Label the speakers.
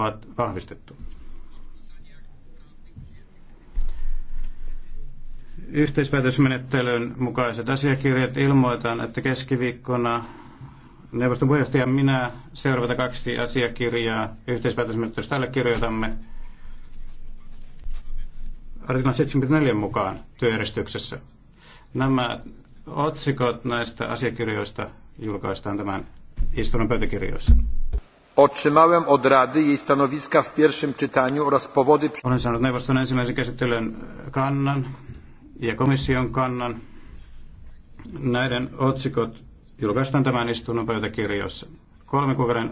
Speaker 1: ovat vahvistettu. Yhteispäätösmenettelyn mukaiset asiakirjat ilmoitan, että keskiviikkona neuvoston puheenjohtaja minä seuraavata kaksi asiakirjaa yhteispäätösmenettelystä allekirjoitamme artiklan 74 mukaan työjärjestyksessä. Nämä otsikot näistä asiakirjoista
Speaker 2: julkaistaan tämän istunnon pöytäkirjoissa. Otrzymałem od Rady jej stanowiska w pierwszym czytaniu oraz powody...
Speaker 1: Olen saanut neuvoston ensimmäisen käsittelyn kannan ja komission kannan. Näiden otsikot julkaistaan tämän istunnon pöytäkirjoissa. Kolmen kuukauden